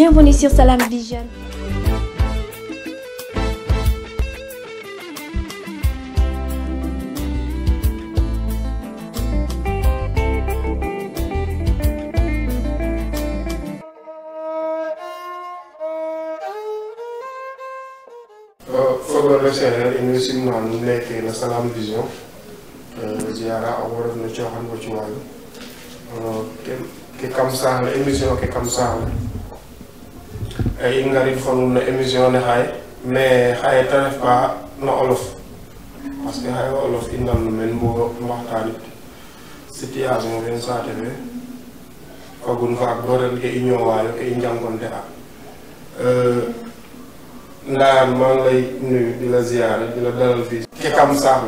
Bienvenue sur Salam Vision. fogole séeréer inu simnaan nekkee na Salam Vision euh, ziyaara a warat no cooxan fo cuwaayu euh, ke kam saax le émission ke kam saax le e ingarit honum no émission ne hay mais haye ta ref ka olof parce que haye olof i ndamnu men bo mbaxtaanit situation fen saate fe fagun faak maa lay nuyu di la ziyaare di fii ke kam saax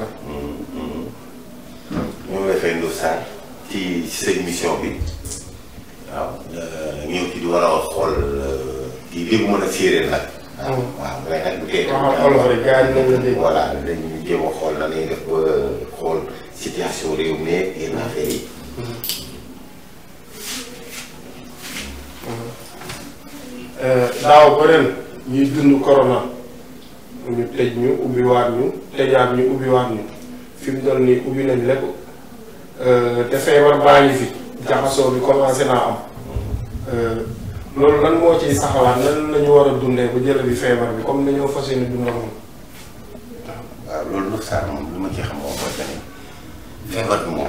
le ñu di war a xool euh, di dégg mën a séeréer nag. Hmm. waaw waaw mais nag bu dee. waaw ah, olof rek gaañ nañ la dégg. voilà xool na ñuy def hmm. yi. Hmm. daaw ba ñuy dund corona ñu tëj ñu ubbiwaat ñu tëjaat ñu ubbiwaat ñu fi mu toll nii ubbi nañ lépp euh, te feebar baa ngi fi jaxasoo bi commencé naa am. Euh, loolu lan moo ciy saxawaat lan la ñu war a dundee bu jëla bi feebar bi comme nañoo fa yéene dund moom. waaw loolu nag moom lu ma ci xam moom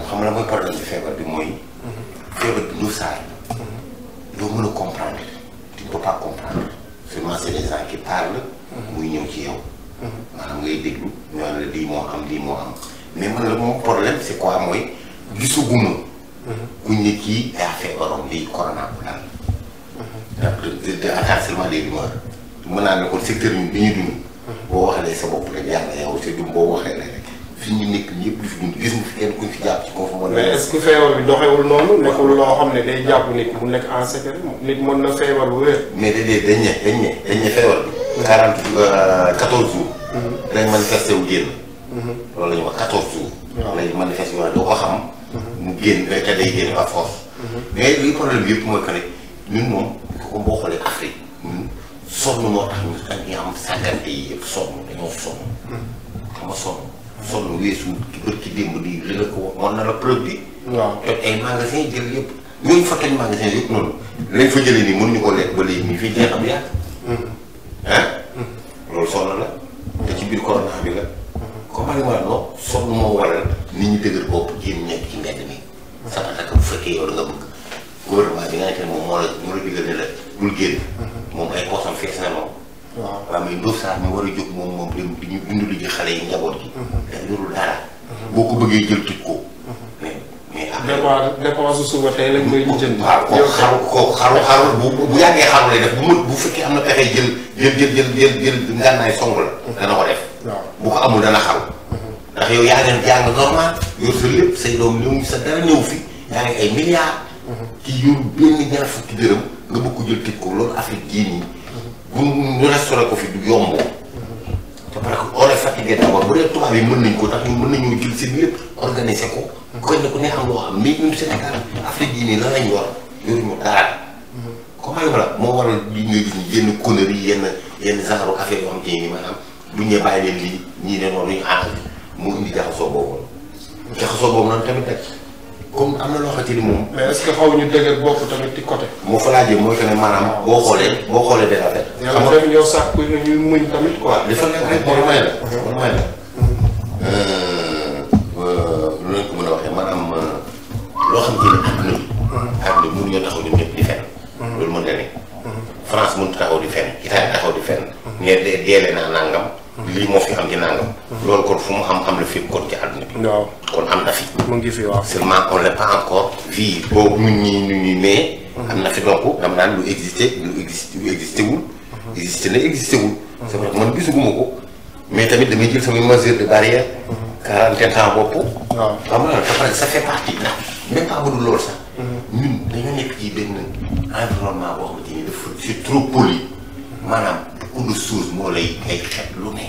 xam la mooy problème feebar bi mooy. feebar bi du Sarr. doo mën a comprendre tu ne peux comprendre seulement c'est les gens qui parlent. muy ñëw ci yow. maanaam ngay déglu ñu naan la lii moo am lii moo am mais man la moom problème c'est quoi mooy gisuguma. Mhm. kuñ ne kii daa feebaroon lii corona bu de de attachement des rumeurs mën naa ne kon secteur bi ñu dund. boo waxalee sa bopp rek yàlla feebar bi doxewul noonu loo xam ne day jàpp nekk en secret nit mën na feebar bu wér. mais déedéet dañ ne dañ ne dañ ne feebar bi. quarante euh, quatorze jours. Mhm. dañ manifesté wu génn. Mhm. loolu la ñuy wax quatorze jours. waaw lay doo ko xam. Mhm. mu génn rek day génn par force. mais li problème yëpp mooy que ne moom. comme boo xoolee Afrique ñun hmm, sonn moo tax ñu ak ñi am sàggante yi yëpp sonn dañoo sonn. xam nga sonn. sonn weesu bët ci démb di li la ko wax mën na la produit. waaw toj ay magasin jël yëpp ko lekk ba léegi ñu fi jeexam yàgg. ah. loolu sonn la. te ci biir corona bi la. comme ma la non sonn moo waral nit ñi dëgër bopp jéem nekk ci mbedd mi. sama naka bu fekkee yow la bëgg. gouvernement bi nga xamante ne moom moo la moo la digal ne la bul génn. Mm-hmm. moom ay poosam fees na moom. waaw a jóg moom moom dem di ñu dundali ji xale yi njaboot gi. Mm-hmm. dafa mm-hmm. boo ko xaru xaru bu bu yàggee xaru def bu mën bu fekkee am na pexe jël jël jël jël ngànnaay song la. dana ko def. waaw bu ko amul dana xaru. ndax yaa ngeen jàng normal sa lépp say doom ñëw sa dara ñëw fi yaa ay milliards. ki yor benn ñaar fukki dërëm nga bëgg ko jël tëj ko loolu Afrique gii nii. bu ñu restauré ko fi du yomb. te parce que on est fatigué bu dee tubaab yi mën nañ ko tax ñu mën nañoo jël seen lépp organiser ko. kon nag ku ne am loo xam mais ñun Sénégal Afrique gii nii lan lañ war yenn conneries yenn yenn genre affaire yoo xam te ni maanaam buñ bàyyi leen lii ñii ne noonu ñu ànd mu indi jaxasoo boobu. jaxasoo boobu noonu tamit nag. comme am na loxo xamante ni moom. parce que xaw ñu dëgër bopp tamit ci côté. moo fa laajee mooy que ne maanaam boo xoolee boo xoolee benn affaire. xam nga sax kuy ne ñuy muñ tamit quoi. dafa nekk rek mooy may la. mooy may la. Euh, euh, lu leen ko a waxee maanaam euh, loo ni àdduna bi. àdduna bi mënuñoo loolu mën na ne. France mënut taxaw di fenn Italie taxaw di fenn. Mm-hmm. ne de deele naa nangam. lii moo fi am ci nangam. loolu kon fu mu am am la fi kon ci àdduna bi. waaw kon am na fi. mu ngi fi waaw seulement on l'a pas encore. fii boobu ñun ñii ñu ñuy mais. am na fi donc dama naan lu existé lu existé lu existé wul. existé na existé wul. c'est vrai man gisuguma ko mais tamit damay jël samay mesures de barrière. quarantaine temps bopp. waaw xam nga dafa ça fait partie ndax même pas bu dul loolu sax. ñun dañoo nekk ci benn environnement boo xamante ni dafa c'est trop poli maanaam beaucoup de choses moo lay ngay xet lu ne.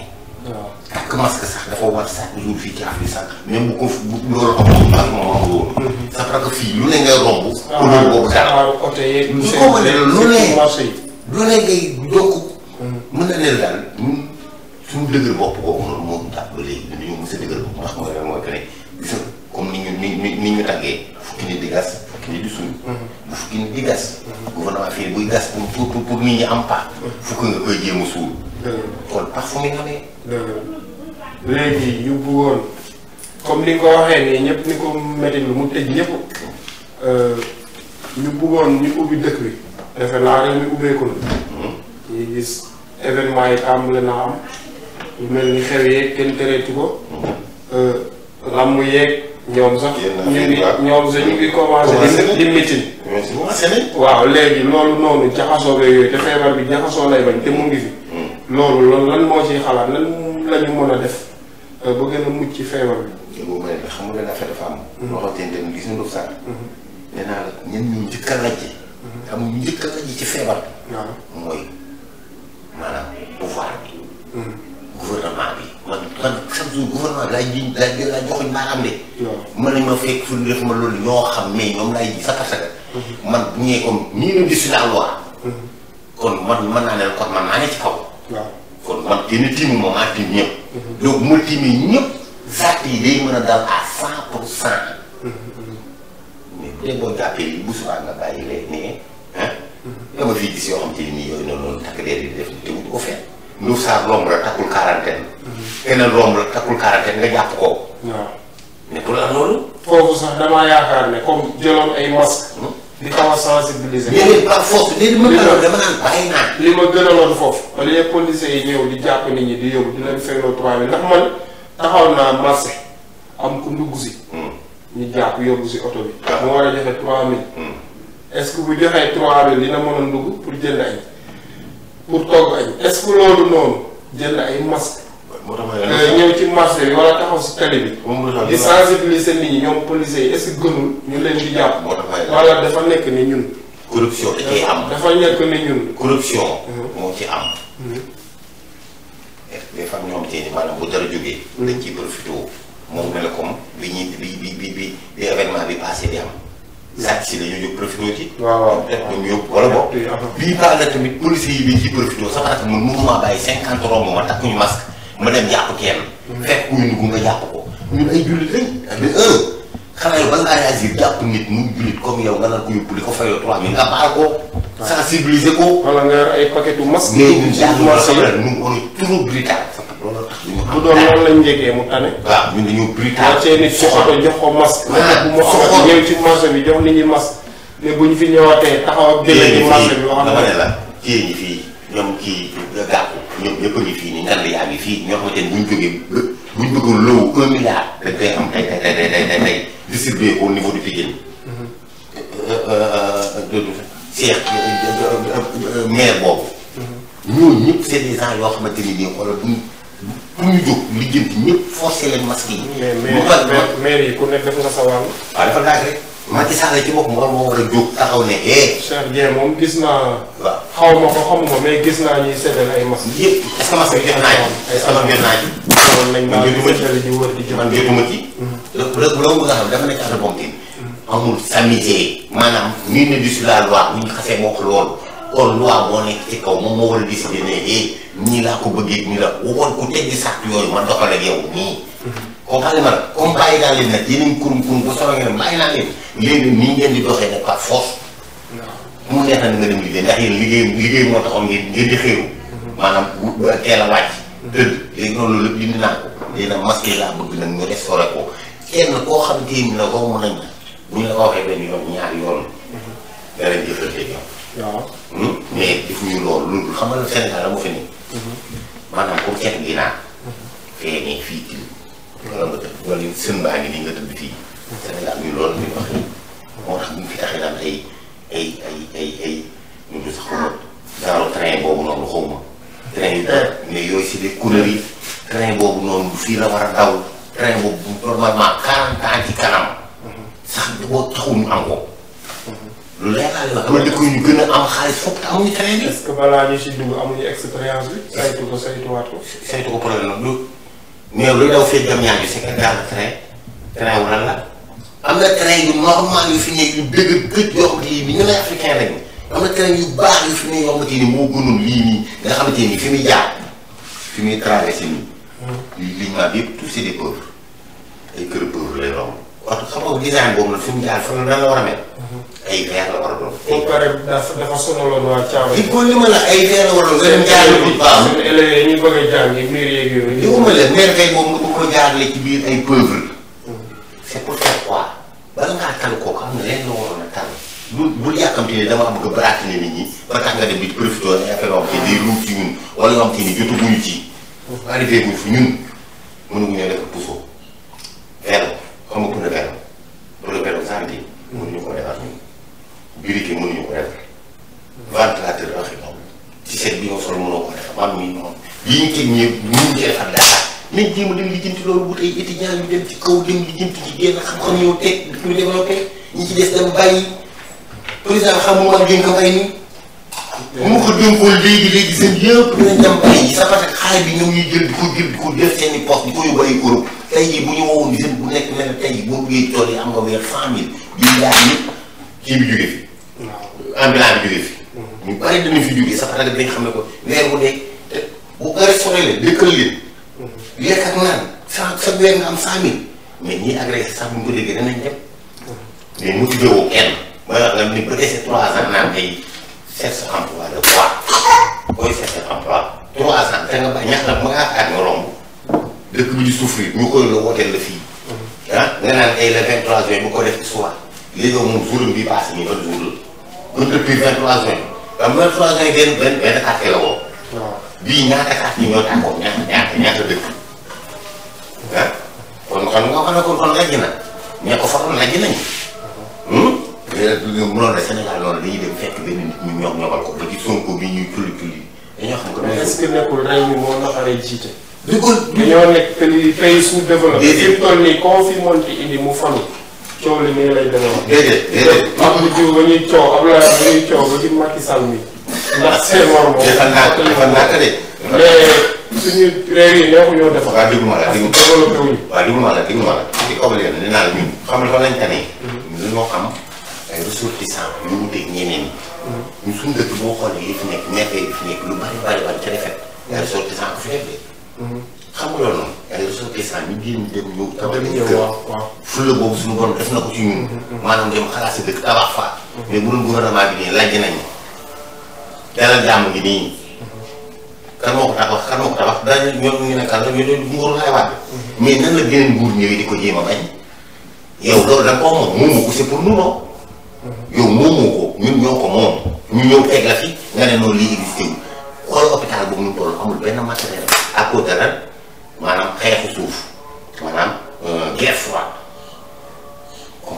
commencé que sax dafa war sax toujours fii ci Afrique sax même bu ko bu loolu amul ak moom amul woon. sax parce que fii lu ne ngay romb. ah boobu dara. oto yeeg lu ne lu ne ngay jokk. Mhm. mën na ne daal ñun suñu dëgër bopp boobu noonu moom tax ba léegi dañoo mës a dëgër bopp ndax mooy mooy que ne gis nga comme ni ñu ni ñu ni ñu tàggee fukki nit di gas. fukki nit di suñ. Mhm. bu fukki nit di gas. Mhm. gouvernement fii buy gas pour pour pour nit ñi am paax. fukki nga koy jéem a suul. kon parfum yi nga xam ne. léegi ñu bëggoon comme ni nga ko waxee nii ñëpp ni ko métti lu mu tëj ñëpp euh, ñu buggoon ñu ubbi dëkk bi defe naa réew mi ubbeeku na hmm. ñu gis événement yi tàmbali naa am lu mel ni xew yeeg kenn tereetu ko hmm. euh, làmm yeeg ñoom sax ñu ngi ñoom sax ñu ngi commencé di mitin waaw léegi loolu noonu jaxasoo ba yooyu te feebar bi jaxasoo lay bañ te mu ngi fi hmm. loolu loolu lan moo ciy xalaat lan lañu mën a def ba gën a mucc ci feebar bi. yow ma ne la xam nga affaire dafa am. loo mhm. xam te ne gis nañu sax. Mhm. nee naa mhm. a lajj. ci feebar bi. mooy maanaam pouvoir bi. gouvernement bi man man mën nañ ma ma loolu ñoo xam mais ñoom la gis la loi. kon man mën naa ne kon man maa ne ci kaw. kon man kenn tiimu ma maa tiim ñëpp. donc multimie ñëpp sart yi day mën a dal à cent pour cent mais bu dee boo jàppee yi bu subaa nga bàyyi leen nee ah dama fii gis yoo xam te nii yooyu noonu noonu takk deer yi def te wut ko fenn Ndour Sarr romb la takkul quarantaine keneen romb la takkul quarantaine nga jàpp ko mais pour la loolu foofu sax damaa yaakaar ne comme jëloon ay masque di xaw a sensibiliser. léegi par force loolu dama naan li ma gënaloon foofu. au lieu policiers yi ñëw di jàpp nit ñi di yóbbu di leen fegloo tubaab yi ndax man taxaw naa am ku ndugg hmm. si. oto bi. Ah. Hmm. bu joxee 3000 dina mën a ndugg pour jënd añ pour togg añ est-ce loolu noonu jënd ay masque moo ma euh, ñëw ci marché bi wala taxaw si tali bi. di sensibiliser nit ñoom policiers yi est ñu leen di jàpp. moo tax wala dafa nekk ni ñun. corruption da cee am dafa nekk ni ñun. corruption. Mhm. moo ci am. des mhm. mhm. bi ñuy bi bi bi bi bi événement bi passé bi am. sàcc si la ñu jóg profité ci. waaw waaw ñoom yóbbu wala tamit policiers yi dañ ciy profité sax at man mënuma bàyyi cinquante romb ma takkuñu masque. ma dem jàpp kenn. fekk ku ñu dugg nga jàpp ko. ñun ay jullit lañ. mais un xanaa yow bala ngaa nit mu jullit comme yow nga nar ko yóbbu li ko fayoo 3000 nga baal ko. ay paquetu masque. mais ñun jàpp na sax ñun on tax ñu bu doon loolu lañ njëkkee mu tane. waaw ñun dañoo ko masque. waaw ma xamante ñëw bi jox ñi masque. mais bu ñu fi ñëwaatee taxaw ak. déggee ci marché bi wax dama ne la kii ngi fii ñoom kii gàpp ñoom ñëpp fii ngan la yaa ngi fii ñoo xamante ni bu ñu jógee bu ñu bëggoon lowu un milliard dañ koy am tey tey tey tey tey tey distribué au niveau de Pikine. Euh, euh, euh, Cheikh maire boobu. ñooñu ñëpp c'est des gens yoo xamante ni nii xoolal bu ñu bu ñu jóg lijjanti ñëpp forcé leen masque yi. mu mais maire yi ku nekk def nga sa wàll. waaw dafa laaj rek. Macky Sall ci boppam moo war a jóg taxaw ne eh. Cheikh moom gis naa. waaw xaw ma ko xamuma mais gis naa ñuy seddal ay masques. yëpp est-ce que masques yi jox naa ci. est-ce que man jot naa ci. Mhm. nekk amul samité maanaam ñu ne dessus la loi bu ñu xasee wax loolu. kon loi moo nekk ci kaw moom moo war a ne eh nii laa ko bëggee nii la woon ku teggi sàrt yooyu ma doxal ak yow nii. comme xaaral comme bàyyi naa leen nag yeneen kurum kurum ba soxla ngeen bàyyi naa leen léegi nii ngeen di doxee nag par force. waaw mu neex na nga dem liggéey ndax yéen liggéey liggéey moo taxoon ngeen ngeen di xéeru. Mm-hmm. maanaam bu teel a wàcc. Mm-hmm. tëdd léegi noonu lépp dindi naa ko. léegi nag masque yi laa bëgg nag ñu restauré ko kenn koo xam te ni la romb nañ la bu ñu la ko waxee benn yoon ñaari yoon. nga leen mm-hmm. jëfandikoo yoon. waaw. Hmm? mais defuñu loolu loolu xam nga Sénégal la mu fi nii. maanaam comme ceeb gi naan. feeñee fii nga bëgg wala sën baa ngi nii nga tëdd fii. Sénégal ñu loolu muy wax nii. moo tax ñu fi tax daan ay train boobu noonu xawma. train yi train boobu noonu fii la war a daw train boobu normalement quarante ans ci kanam. sax boo taxul ñu am ko. lu leer laa wax am na dëkk yu gën a am xaalis foog te amuñu train bi. est-ce saytu ko ko. saytu ko problème la mais lu daw fee jam ñaaju c'est que daal train train wu la am na train yu normal yu fi am na train yu baax yu fi nekk yoo xamante moo gënul lii nii nga xamante ni fi muy jaar fi muy traversé nii. Hmm. lignement bi yëpp tout c'est des pauvres ay kër pauvres lay romb. waaw xam nga design boobu nag fi mu jaar fan la nan war a mel. ay weer la war a li ko li ma la ay weer la war a ñu bëgg a jàng yi miir yeeg yooyu. li ma la meer kay ko biir ay pauvre. c'est pour faire quoi. bala ngaa tànn kooku am na lenn la waroon a tànn. bu bul yàkkamti ne dama bëgg a baratine nit ñi ba tax nga dem bi profité wala affaire yoo xam te day ruum ci ñun wala yoo xam te ni jotaguñu ci. Mm-hmm. arrivé guñ fi ñun mënuñu def pousse man mii moom yi ñu teg ñëpp ñu ngi defar dara nañ jéem a dem lijjanti loolu bu tey étudiant yu dem ci kaw dem lijjanti ci génn xam-xam yow teg dëkk bi développé ñi ci des dem bàyyi président xam nga man gën ko bay nii. bu ma ko dénkoon léegi léegi seen yëpp dinañ dem bàyyi sa parce que xaalis bi ñoom ñuy jël di ko jël di ko def seen i poste di ko yóbbu ay Europe tey jii bu ñu woowoon jeune bu nekk mel tey jii boo buggee tool yi am nga weer cent mille bii daa yëpp kii bi jóge fi. waaw ambulant bi jóge fi. ñu bari dañu fi jógee sax rajo dañ xam ne ko weer bu dee te bu gare soxla leen dëkkal leen. Mm-hmm. lekk ak naan sa sa weer nga am 100000 mais ñiy agressé sax bu ñu ko mm-hmm. a nga te nga ba ñax la ba ngaa xaar nga romb dëkk bi di souffrir ñu koy la wooteel la fii. Mm-hmm. Ah, nga naan ay le 23 juin bu ko def soir li nga moom jour bi passé nii ban jour la. ba depuis 23 juin. am na trois benn benn benn quartier la woon. bii ñaata quartier ñoo tàkkoon ñaata ñaata ñaata dëkk. ah kon xam nga xam ne ko faroon lajj nañu. Hmm? mënoon na Sénégal dañuy dem fekk benn nit ñu ñoom ñoobal ko ba ci Sonko bi ñuy tulli tulli dañoo xam ko. mais est nekkul réew mi moo jiite. dëgg dañoo nekk pays sous-développé. déedéet fi mu toll nii koo fi monti indi mu fanu. coow li nii lay demee woon. déedéet déedéet. Abdou Diouf ba ñuy coow Abdoulaye ba ñuy coow ba ci Macky Sall mi ndax seen morom moom. defal naa ko defal naa ko de. mais suñu réew yi ñoo ko ñoo defal. waaw déglu ma la déglu développé wuñu. waaw déglu ma la déglu ma la. ci kaw leen nee naa la ñun. xam nga fan lañ tane. Mhm. ñoo am ay ressortissants ñu mu teg ñeneen ñi. Mhm. ñun suñu dëkk boo xoolee li fi nekk nekkee li fi nekk lu bari bari bari ca defet. Mhm. ay ressortissants ku fi def de. xam nga loolu noonu. ay ressortissants ñu génn dem ñëw. taw bi ñëw waaw fulla boobu suñu borom def na ko ci ñun. maanaam dem xalaat sa dëkk tabax fa. mais bu doon gouvernement bi nii lajj nañu. dalal jàmm gi nii. kan moo ko tabax kan moo ko tabax daañu ñoom ñu la mais loolu bu da nga koo moom moomu ko c'est pour nous non. yow moomu ko ñun ñoo ko moom. ñu ñëw teg fi nga ne noonu lii existé xool hôpital boobu ñu toll amul benn matériel à cause de maanaam xeexu suuf.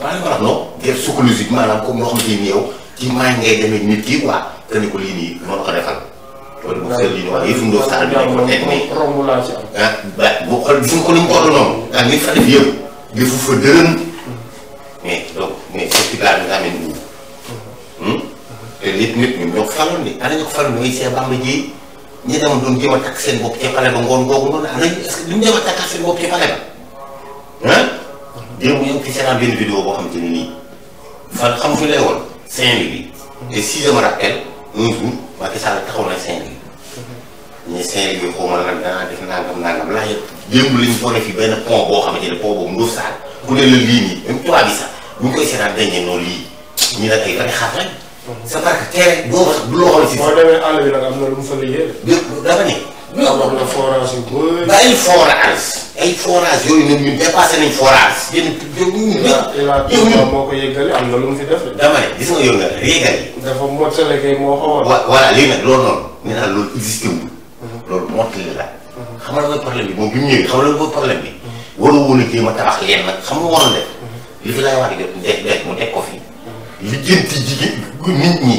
maa ngi ko wax non def psychologique maanaam comme loo xam te ni yow ci maa ngay demee nit ki quoi que ni ko lii nii noonu ko defal. loolu moom seen li ñu wax yëfu Ndofane Sarr bi dañ ko teg nii romb laa ci am. ah ba bu xool suñ ko ni mu ko doon noonu. ak ah, li fa def yëpp defu fa dërëm. mais donc mais festival bi nga xam ne nii. te lépp nit ñun ñoo ko faloon ni ana ñu ko faloon ni Cheikh Bamba ji ñi dama doon jéem a takk seen bopp ca pale ba ngoon googu noonu ana est-ce que duñ jéem a takkaat seen bopp ca pale ba ah. démb ñu ngi benn vidéo boo xamante ne nii fan xam fu lay woon Saint-Louis bi. Mhm. te si je me rappelle un jour Macky Sall taxaw na saint ñu saint def ne pont rek. Mhm. c'est parce que tey boobu du loo xam si. boo demee na lu mu fa liggéey. ne. loolu wax ba ay forage ay forage yooyu ñun ñun dépassé nañ forage. yéen yéen ñëpp moo ko yëgale gis nga yëngale yëgale. dafa mottale kay moo xaw a. voilà léegi nag loolu noonu. nee naa loolu existé wul. Mhm. loolu mottali la. Mhm. xam nga mooy problème bi moom bi mu ñëwee xam nga mooy problème bi. Mhm. waroo woon a jéem a tabax leen nag xam nga waroon def. li fi laay wax de de mu teg ko fi. li jënti jigéen nit ñi.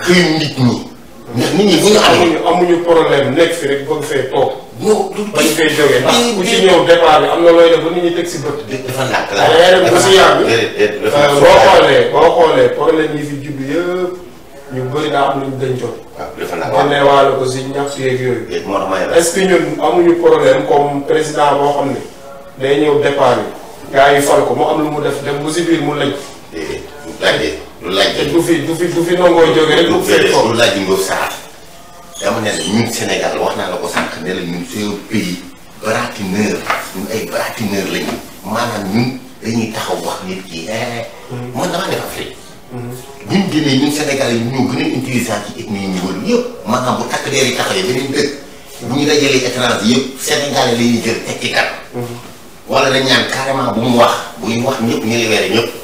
xëy nit ñi. amuñu amuñu problème nekk fi rek bëgg fee toog. non du bañ fee jógee ndax ku ci ñëw départ bi am na looy def ba nit ñi teg si bët. dafa nàkk la ah, dafa euh, dafa boo xoolee boo xoolee problème yi fi jublu yëpp ñu bëri daa am luñ dencoon. waaw ah, dafa nàkk waaw ne waale ko si ñax yeeg yooyu. est-ce que amuñu problème comme président boo xam ne day ñëw départ yi gars yi fal ko mu am lu mu def dem bu si biir mu lañ. déedéet laaj bu fi bu fi bu fi nangoo jógee lu fekk lu laaj ngóob saar. dama ne la ñun Sénégal wax naa la ko sànq ne la ñun suñu pays baratineur ñun ay baratineur lañu maanaam ñun dañuy taxaw wax nit ki eh, mm-hmm. man dama def Afrique. Mm-hmm. ñun jëlee ñun Sénégal yi ñoo gën a intelligent ci ethnie yi ñu wër yëpp maanaam bu takk deer yi taxawee beneen dëkk. bu ñu dajalee étranger yëpp Sénégal la jël tekki kan. Mm-hmm. dañ ñaan carrément bu mu wax bu ñu wax ñëpp ñu libéré ñëpp.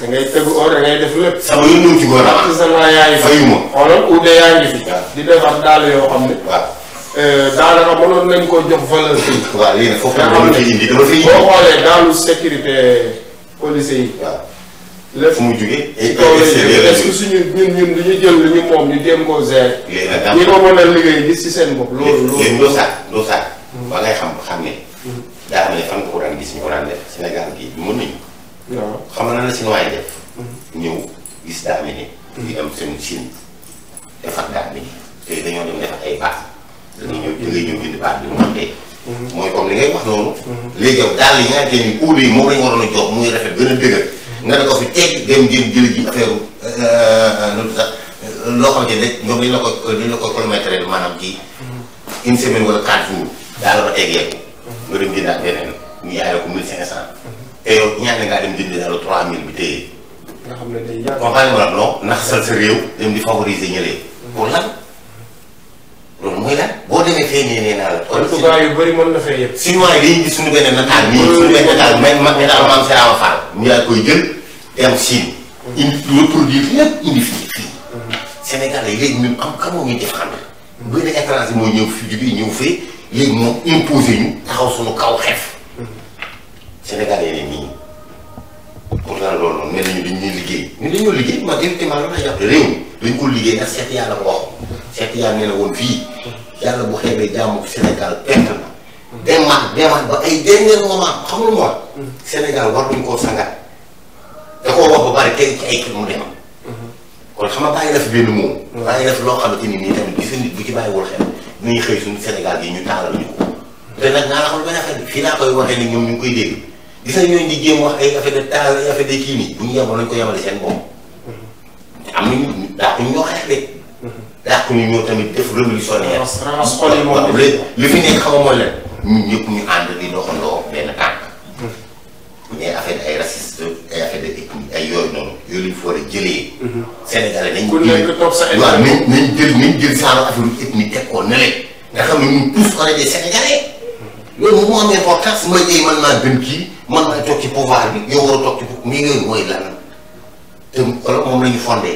da ngay tëgg oo ngay def lépp. sama yoon ñëw ci góor a. sa naa yaa ngi fi fayuma. xoolal uude yaa ngi fi. di defar daal yoo xam ne. waaw. Euh, daanaka mënoon nañ koo jox valeur bi. waaw dama fay daalu sécurité police yi. mu jugee. ay est jël lu ñu moom ñu jéem koo gérer. léegi ko mën a liggéey gis ci seen bopp. loolu loolu léegi doo sàkk doo sàkk. nañu xam na na chinois yi def. Mm-hmm. ñëw gis daa mel ni. di am seen Chine defar daa dañoo dem defar ay baat. dañuy ñëw bind baat bi mu am tey. Mm-hmm. mooy comme li ngay wax noonu. Mm-hmm. léegi yow daal yi nga xamante ni uud yi moom la ñu waroon a jox muy rafet gën a dëgër. nga ne ko fi dem euh, euh, euh, ko dañu la ko kilométré maanaam ci une semaine daal la ko teg yegg. nga dem jëndaat beneen ñu jaay la ko mille cinq cent. te yow ñaata ngaa dem jënd daal 3000 bi téye. nga xam ne day yàgg kon xam nga naxasal sa réew dem di favoriser ñële. pour lan loolu mooy lan boo demee fee nee nee naa la. kon si yu bëri mën na fee yëpp. sinon suñu benn nataal nii suñu benn nataal même mag nataal maam Serama mu ñu koy jël dem Chine. Mm-hmm. indi reproduire lépp indi fii fii. Mm-hmm. yi léegi ñun am kan moo ñu défendre. bëri étranger moo ñëw fi jógee ñëw fee léegi moom imposé ñu taxaw suñu kaw xef senegal yi nii pourtant loolu mel nañu dañ ñuy liggéey ñu dañoo liggéey ma directement loolu la jàpp réew mi dañ ko liggéey ak seet yàlla mu wax seet yàlla mu wax Sénégal war koo sangat da koo wax ba bari tey ay kër mu dem kon xam nga bàyyi def benn moom bàyyi def loo xamante ni nii tamit gis nit bu ci bàyyiwul xel nañu xëy suñu Sénégal gi ñu taalal ñu ko te nag naa la xam lu benn xel fii laa koy waxee ni ñoom ñu ngi koy dégg gis nañ ñooñu di jéem wax ay affaire de taal ay affaire de kii nii bu ñu yemoon nañu ko yemale seen bopp. am nañu ñu ñu tamit def révolutionnaire. ramas xol li fi nekk xamoo ñu ànd di doxandoo benn tànk. mais affaire ay raciste ay affaire de ethnie ay yooyu noonu yooyu lañu fa war a jëlee. Sénégalais nañ. ku nekk toog sa waaw nañ nañ jël nañ jël saanu affaire ethnie teg ko ne leen. nga xam ne ñun tous on est des Sénégalais. loolu moom moo am importance mooy tey man maa gën kii. man maay toog ci pouvoir bi yow war a toog ci mi yooyu mooy lan te moom la ñu te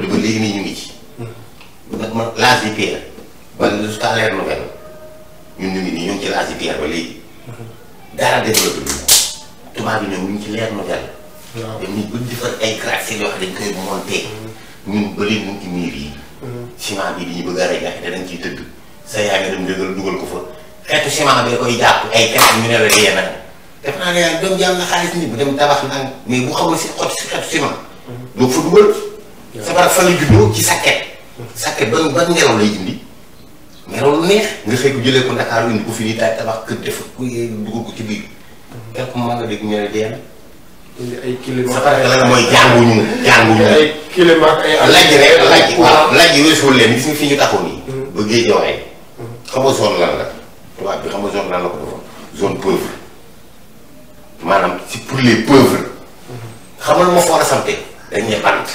du ba léegi nii ñu ngi ci. nag man l'âge ba jusqu'à l'ère de ba léegi. dara bi tubaab bi ñoom ñu ci l'ère nouvelle. waaw dem nañ ay gratte yoo xam dañ koy monté. Mm-hmm. ñu ngi ci miir yi. Mm-hmm. ciment bi ñu bëgg a rey te dañ ciy tëdd. sa yaa nga dem dëggal dugal ko fa xeetu ciment koy jàpp ay xeetu ñu ne la dee na. def naa ne yàlla doom ji am na xaalis nit bu dem tabax naan mais bu xamul si xot si xetu ciment. fa dugal. waaw fan la juddoo ci sàkket. sàkket ban ban ngelaw lay indi. ngelaw lu neex nga xëy ko jëlee ko Ndakaaru indi ko fi nii daal tabax def ko eh, dugal ko ci biir. Mm-hmm. quelque moment nga dégg ñu ne dee na. indi ay kilim ak ay sabara la mooy jànguñu jànguñu. ay kilim ak ay laaj rek waaw laaj yi wésuwul leen gis nga fi ñu taxaw nii. Mm-hmm. ba géej mm-hmm. nga zone lan la. tubaab bi xam nga zone lan la ko defoon zone pauvre. maanaam ci pour les pauvres. xamal moo ko war a santé dañ ne bant.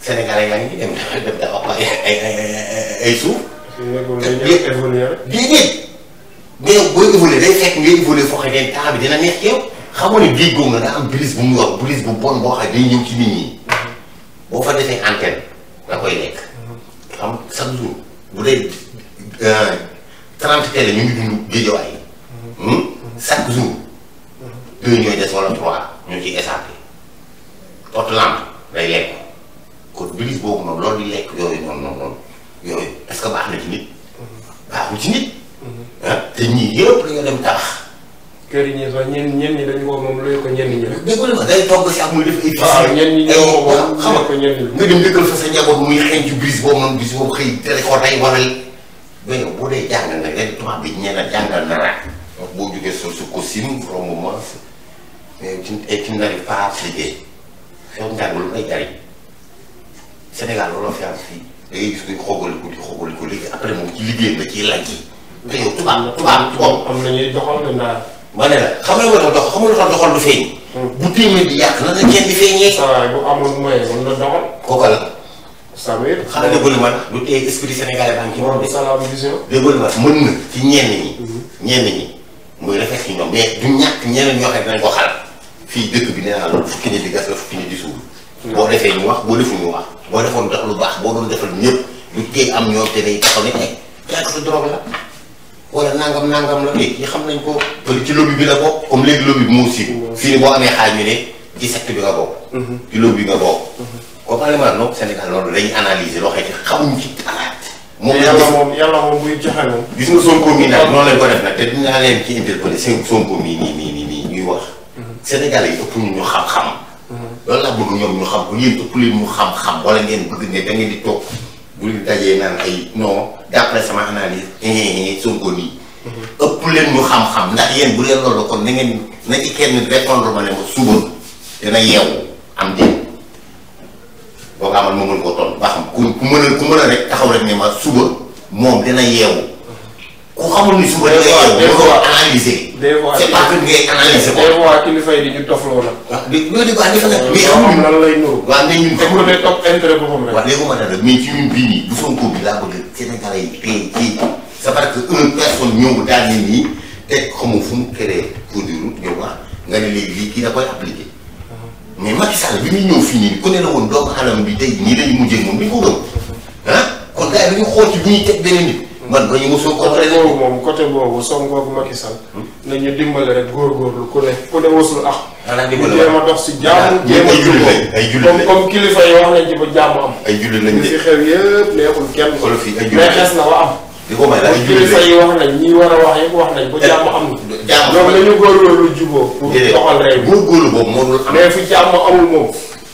Sénégalais yaa ngi dem dem dafa ay ay ay suuf. déedéet mais booy évoluer day fekk ngay évoluer foo xam ne temps dina neex ci yow. xamoo géej googu nag daa am brise bu mu yor brise bu bon boo xam ne ñëw ci nit ñi. boo fa defee antenne da koy lekk. xam chaque jour bu dee euh, trente télé ñu ngi dund géejawaay. Mm-hmm. Hmm? chaque jour. deux ñooy des wala trois ñoo ciy échappé pot lampe day lekk kon bilis boobu noonu loolu di yooyu noonu noonu yooyu est ce que baax na ci nit. baaxul ci nit. Mhm. Ah, te ñii yëpp dañoo dem tabax. kër yi ñuy sax ñi dañu ko moom luy ko ñenn ñi rek. Ah, dem dëkkal fa sa njaboot muy xeeñ ci bilis boobu xëy tere ko tey wala mais yow boo dee jàngal nag léegi tubaab bi ñeena jàngal na la. boo jógee sa su ko sim romb mais tu et tu n'arrives pas à lu ngay jariñ Sénégal looloo fi am fii da ngay gis nga xogaliku di léegi après moom ci liggéey ma ne la xam nga war a dox xam nga hmm. bu téeméer di bu amul moyen mën na doxal. kooka la. Samir. lu tey esprit sénégalais am ci moom de. Salam Vision. développement mën na ci ñenn ñi. Hmm. ñenn ñi muy rafet ci ñoom mais du ñàkk ñeneen ñoo xam fii dëkk bi nee naa la fukki nit di gas la fukki nit di suul. boo defee ñu wax boo defu ñu wax. boo defoon tax lu baax boo doon defal ñëpp lu tey am ñoom te day taxaw ne tey eh, jaagatu drogue la wala nangam nangam la ko. parce ci lobby bi la bokk comme léegi lobby bi moo boo amee xaaj ñu ne ci secte bi mhm. bi nga bokk. comme aliment non Sénégal loolu dañuy analyser loo xam ne xamuñ ci talaat. moom yàlla moom yàlla moom buy joxe moom. gis nga Sonko mii nag noonu lañ ko def nag te dinaa leen ci interpeller seen Sonko mii nii nii ñuy wax Sénégalais yi ëpp ñu ñu xam-xam. loolu laa bëgg ñoom ñu xam ko yéen ëpp leen ñu xam-xam wala ngeen bëgg ne da ngeen di toog bu ñu dajee naan ay non d'après sama analyse eh, eh, eh, Sonko nii. Mhm. ëpp leen ñu xam-xam ndax yéen bu leen loolu kon na ngeen na ci kenn répondre ma ne ma suba dina yeewu am déet boo ko amal ma mën koo toll ba xam ku ku a ku mën a rek taxaw rek ne ma suba moom dina yeewu. ku xamul ni suba. des fois des fois analyser. des fois c'est pas que ngay analyser ko. des fois kilifa yi di ñu dofloo nag. waaw di loolu di quoi dafa nekk. mais amuñu lan lay ñëw. waaw mais ma ne mu créé uh-huh. fii nii ku ne la woon bi tey nii dañu mujjee moom bi ñu ko kon gars yi dañuy xool ci bu ñuy teg beneen nit man ba ñu musul ko président boobu moom côté boobu Sonko ak hmm? nañu dimbale rek góorgóorlu ku ne ku ne wasul ax ah, ñu jéem a dox si jàmm ah, jéem a jullit ay jullit lañ comme kilifa yi am ay jullit lañ fi xew yëpp neexul kenn mais di ko may la ay jullit kilifa yi war a wax wax nañ ba eh, jàmm am na ñoom nañu góorgóorlu juboo pour doxal réew góorgóorlu boobu moom mais fi jàmm amul moom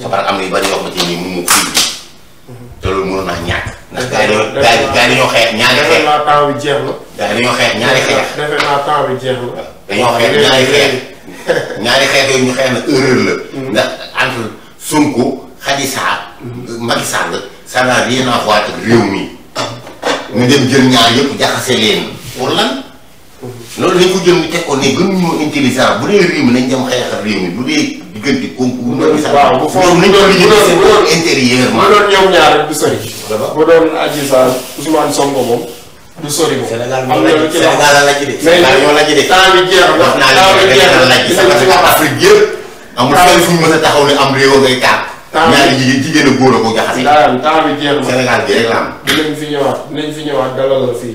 sabar am na yu bëri yoo xamante mhm. te loolu mënoon naa ñàkk. ndax gars yi dañoo xeex ñaari xeex. defe xeex ñaari xeex. defe xeex yooyu ñu xeex na erreur la. Mhm. ndax entre Sonko Khady Sarr. Mhm. Macky Sall ça n'a rien à réew mi. ñu dem jël ñaar yëpp jaxase leen pour lan. loolu dañ ko jël ñu teg ko ne gënuñu intelligent bu dee réew mi nañ dem xeexal a mi bu dee diggante concours. waaw bu foofu bu doon bu doon intérieurement. bu doon ñoom ñaar rek du sori. bu doon Adji Sarr moom du sori ko. moom la ci Sénégal la ci de. Sénégal ñoo la ci de. temps bi jeex wax naa la a taxaw ne am réew ngay taal ñaari jigéen jigéen ak góor a ko jaxase. daanaka temps bi jeex na Sénégal gi rek la am. dinañ fi ñëwaat dinañ fi ñëwaat dalal la fii.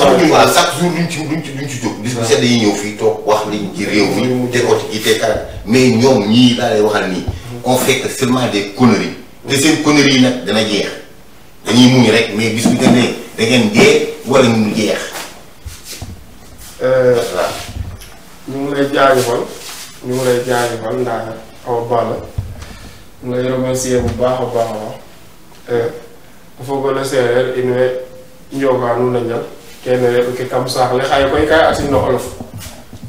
xamuñu waaw chaque jour luñ ci luñ ci luñ ci jóg. bis bu set dañuy ñëw fii toog wax liñ ci réew mi. te ko ci te karak mais ñoom ñii laa lay waxal nii. on fait que seulement des conneries. te seen conneries yi nag dana jeex. dañuy muñ rek mais bis bu demee da ngeen dee wala ñu jeex. Euh, voilà. ñu ngi lay jaajëfal ñu ngi lay jaajëfal ndax aw bala ñu lay bu baax a baax a baax o eh, fogole seereer in way njoga nuun a njal kene kam saax xaye koy ka asin no olof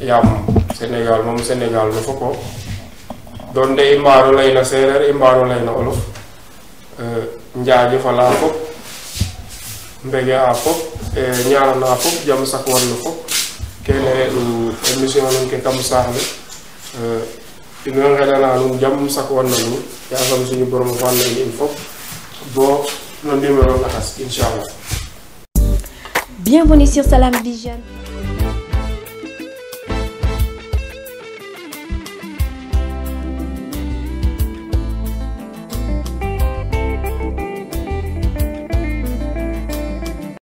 yaam Sénégal moom Sénégal no fop o donte i mbaaro lay na seereer i mbaaro lay na olof eh, njaajëfala fop mbege a fop eh, ñaanana fop jam sak wan no fop kene re'u émission nuun ke kam saax le in way nqeɗana nuun jam sak na nuun yàlla suñu borom wàll leen foofu boo noonu demee noonu laxas incha allah. Bienvenue sur Salam Vision.